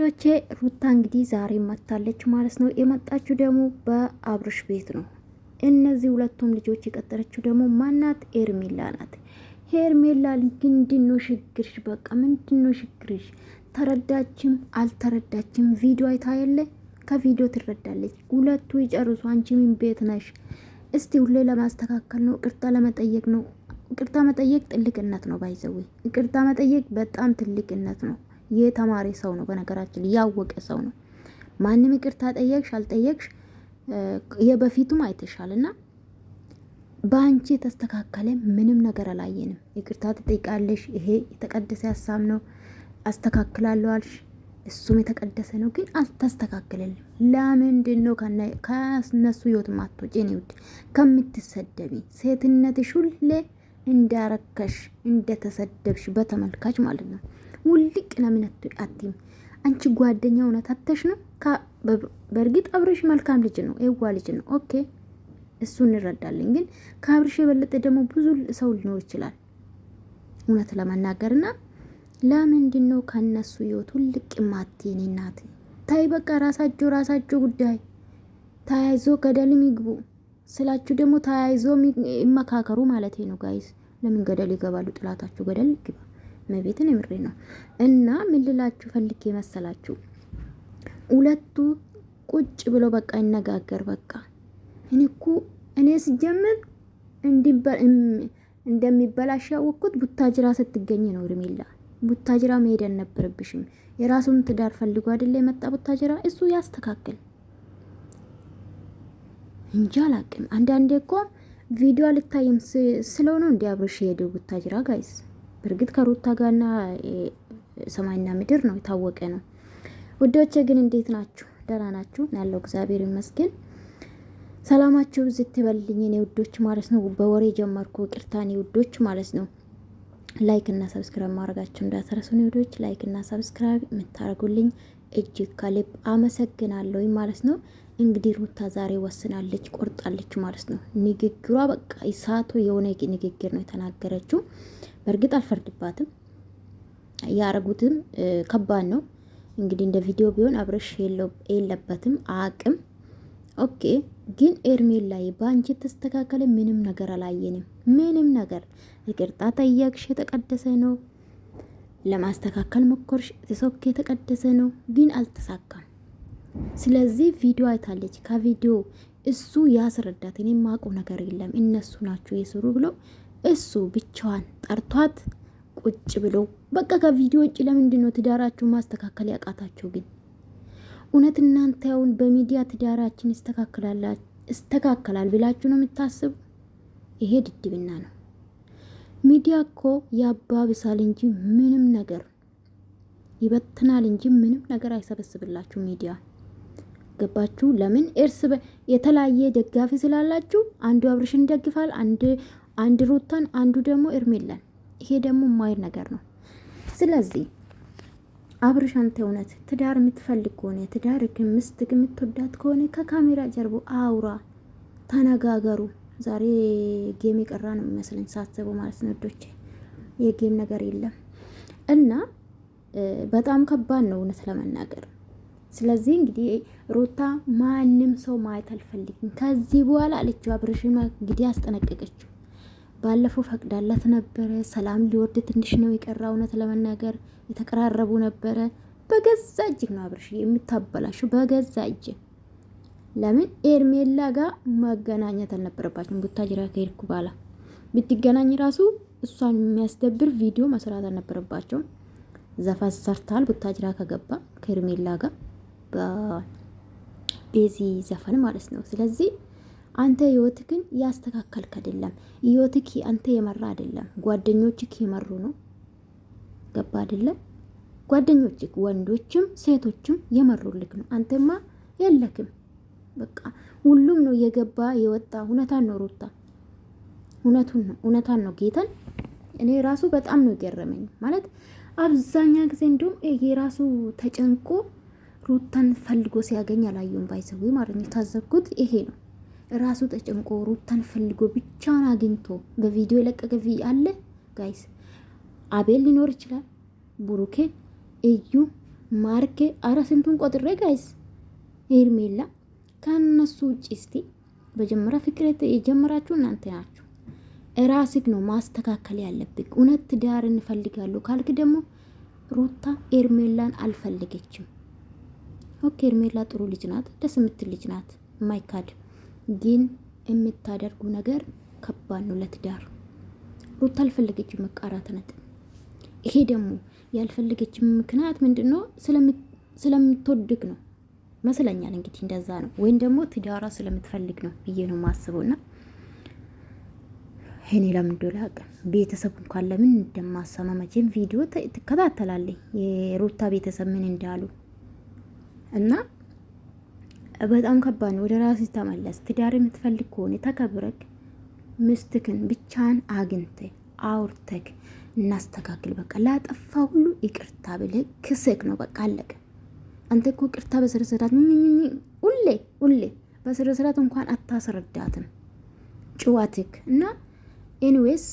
ዶቼ ሩታ እንግዲህ ዛሬ መታለች ማለት ነው። የመጣችው ደግሞ በአብርሽ ቤት ነው። እነዚህ ሁለቱም ልጆች የቀጠረችው ደግሞ ማናት? ኤርሜላ ናት። ሄርሜላ ምንድነው ችግርሽ? በቃ ምንድነው ችግርሽ? ተረዳችም አልተረዳችም ቪዲዮ አይታ የለ ከቪዲዮ ትረዳለች። ሁለቱ ይጨርሱ። አንቺ ምን ቤት ነሽ? እስቲ ሁሌ ለማስተካከል ነው፣ ቅርታ ለመጠየቅ ነው። ቅርታ መጠየቅ ትልቅነት ነው። ባይዘዌ ይቅርታ መጠየቅ በጣም ትልቅነት ነው። የተማሪ ሰው ነው። በነገራችን ያወቀ ሰው ነው። ማንም ይቅርታ ጠየቅሽ አልጠየቅሽ የበፊቱም አይተሻል እና በአንቺ የተስተካከለ ምንም ነገር አላየንም። ይቅርታ ትጠይቃለሽ፣ ይሄ የተቀደሰ ሀሳብ ነው፣ አስተካክላለሁ አልሽ፣ እሱም የተቀደሰ ነው፣ ግን አልተስተካከለልም። ለምንድን ነው ከነሱ ህይወት ማትወጪ? እኔ ውድ ከምትሰደቢ ሴትነትሽ ሁሌ እንዳረከሽ እንደተሰደብሽ በተመልካች ማለት ነው ውልቅ ለምን አትይም? አንቺ ጓደኛ እውነት አተሽ ነው። በእርግጥ አብረሽ መልካም ልጅ ነው፣ የዋ ልጅ ነው። ኦኬ እሱ እንረዳለን። ግን ከአብርሽ የበለጠ ደግሞ ብዙ ሰው ሊኖር ይችላል እውነት ለመናገር እና ለምንድን ነው ከነሱ ህይወት ውልቅ ማቴን? እናት ታይ በቃ ራሳቸው ራሳቸው ጉዳይ ተያይዞ ገደል ይግቡ ስላችሁ ደግሞ ተያይዞ ይመካከሩ ማለት ነው። ጋይስ ለምን ገደል ይገባሉ? ጥላታችሁ ገደል ይግባ። መቤትን የምሬ ነው። እና ምን ልላችሁ ፈልጌ መሰላችሁ ሁለቱ ቁጭ ብሎ በቃ ይነጋገር። በቃ እኔኩ እኔ ስጀምር እንደሚበላሽ ያወቅኩት ቡታጅራ ስትገኝ ነው። እርሜላ ቡታጅራ መሄድ አልነበረብሽም። የራሱን ትዳር ፈልጎ አይደለ የመጣ ቡታጅራ። እሱ ያስተካክል እንጂ አላቅም። አንዳንዴ እኮ ቪዲዮ ልታይም ስለሆነ እንዲ አብረሽ ሄደው ቡታጅራ ጋይስ በእርግጥ ከሩታ ጋርና ሰማይና ምድር ነው የታወቀ ነው። ውዶቼ ግን እንዴት ናችሁ? ደህና ናችሁ? ያለው እግዚአብሔር ይመስገን። ሰላማችሁ ዝት ይበልኝ እኔ ውዶች ማለት ነው። በወሬ ጀመርኩ ይቅርታ። እኔ ውዶች ማለት ነው ላይክ እና ሰብስክራይብ ማድረጋችሁ እንዳትረሱ። እኔ ውዶች ላይክ እና ሰብስክራይብ የምታደርጉልኝ እጅግ ከልብ አመሰግናለሁ ማለት ነው። እንግዲህ ሩታ ዛሬ ወስናለች፣ ቆርጣለች ማለት ነው። ንግግሯ በቃ ይሳቶ የሆነ ንግግር ነው የተናገረችው። በእርግጥ አልፈርድባትም። ያረጉትም ከባድ ነው። እንግዲህ እንደ ቪዲዮ ቢሆን አብረሽ የለበትም አቅም ኦኬ። ግን ላይ በአንቺ ተስተካከለ ምንም ነገር አላየንም። ምንም ነገር ይቅርታ ጠየቅሽ፣ የተቀደሰ ነው። ለማስተካከል ሞከርሽ፣ ሶክ የተቀደሰ ነው። ግን አልተሳካም። ስለዚህ ቪዲዮ አይታለች። ከቪዲዮ እሱ ያስረዳት። እኔ ማውቀው ነገር የለም እነሱ ናቸው የስሩ ብሎ እሱ ብቻዋን ጠርቷት ቁጭ ብሎ በቃ ከቪዲዮ ውጭ ለምንድን ነው ትዳራችሁ ማስተካከል ያቃታችሁ? ግን እውነት እናንተ ያውን በሚዲያ ትዳራችን ይስተካከላል ብላችሁ ነው የምታስቡ? ይሄ ድድብና ነው። ሚዲያ እኮ ያባብሳል እንጂ ምንም ነገር ይበትናል እንጂ ምንም ነገር አይሰበስብላችሁ ሚዲያ ገባችሁ? ለምን እርስ የተለያየ ደጋፊ ስላላችሁ አንዱ አብርሽን ይደግፋል፣ አንድ አንድ ሩታን፣ አንዱ ደግሞ እርሜላን። ይሄ ደግሞ ማይር ነገር ነው። ስለዚህ አብርሽ አንተ እውነት ትዳር የምትፈልግ ከሆነ ትዳር ምስት የምትወዳት ከሆነ ከካሜራ ጀርቦ አውራ፣ ተነጋገሩ። ዛሬ ጌም የቀራ ነው የሚመስለኝ ሳስበው ማለት ነው። ዶቼ የጌም ነገር የለም እና በጣም ከባድ ነው እውነት ለመናገር። ስለዚህ እንግዲህ ሩታ ማንም ሰው ማየት አልፈልግም ከዚህ በኋላ አለችው። አብርሽማ እንግዲህ አስጠነቀቀችው። ባለፈው ፈቅዳላት ነበረ። ሰላም ሊወርድ ትንሽ ነው የቀራ። እውነት ለመናገር የተቀራረቡ ነበረ። በገዛ እጅግ ነው አብርሽ የምታበላሹ። በገዛ እጅ። ለምን ኤርሜላ ጋር መገናኘት አልነበረባችሁም? ቡታጅራ ከሄድኩ በኋላ ብትገናኝ ራሱ እሷን የሚያስደብር ቪዲዮ መስራት አልነበረባቸውም። ዘፈን ሰርታል። ቡታጅራ ከገባ ከኤርሜላ ጋር በቤዚ ዘፈን ማለት ነው። ስለዚህ አንተ ህይወት ግን ያስተካከልክ አይደለም። ህይወትክ አንተ የመራ አይደለም። ጓደኞችክ የመሩ ነው። ገባ አይደለም? ጓደኞችክ ወንዶችም ሴቶችም የመሩልክ ነው። አንተማ የለክም። በቃ ሁሉም ነው የገባ የወጣ እውነታን ነው። ሩታ እውነቱን ነው እውነታን ነው። ጌታን እኔ ራሱ በጣም ነው የገረመኝ። ማለት አብዛኛ ጊዜ እንዲሁም የራሱ ተጨንቆ ሩታን ፈልጎ ሲያገኝ አላየሁም። ባይሰዊ ማለት ነው የታዘብኩት ይሄ ነው። ራሱ ተጨንቆ ሩታን ፈልጎ ብቻውን አግኝቶ በቪዲዮ የለቀቀ አለ ጋይስ። አቤል ሊኖር ይችላል፣ ቡሩኬ፣ እዩ፣ ማርኬ አረ ስንቱን ቆጥሬ ጋይስ፣ ሄርሜላ ከነሱ ውጭ እስቲ በጀመራ ፍቅረት የጀመራችሁ እናንተ ናችሁ። ራስክ ነው ማስተካከል ያለብክ። እውነት ትዳር እንፈልጋሉ ካልክ ደግሞ ሩታ ኤርሜላን አልፈለገችም። ኦኬ ኤርሜላ ጥሩ ልጅ ናት፣ ደስ የምትል ልጅ ናት፣ ማይካድ ግን የምታደርጉ ነገር ከባድ ነው ለትዳር። ሩታ አልፈለገች መቃራት ነጥ። ይሄ ደግሞ ያልፈለገች ምክንያት ምንድን ነው? ስለምትወድግ ነው መስለኛል። እንግዲህ እንደዛ ነው፣ ወይም ደግሞ ትዳራ ስለምትፈልግ ነው ብዬ ነው ማስበው እና እኔ ለምንዶላ ቤተሰብ እንኳን ለምን እንደማሰማ መቼም ቪዲዮ ትከታተላለኝ የሩታ ቤተሰብ ምን እንዳሉ እና በጣም ከባድ ነው። ወደ ራስ ተመለስ። ትዳር የምትፈልግ ከሆነ ተከብረክ ምስትክን ብቻን አግኝተ አውርተክ እናስተካክል። በቃ ላጠፋ ሁሉ ይቅርታ ብለ ክሰክ ነው በቃ አለቀ። አንተ እኮ ቅርታ በስረስራት ሁሌ ሁሌ በስረስራት እንኳን አታስረዳትም ጭዋትክ እና ኤኒዌይስ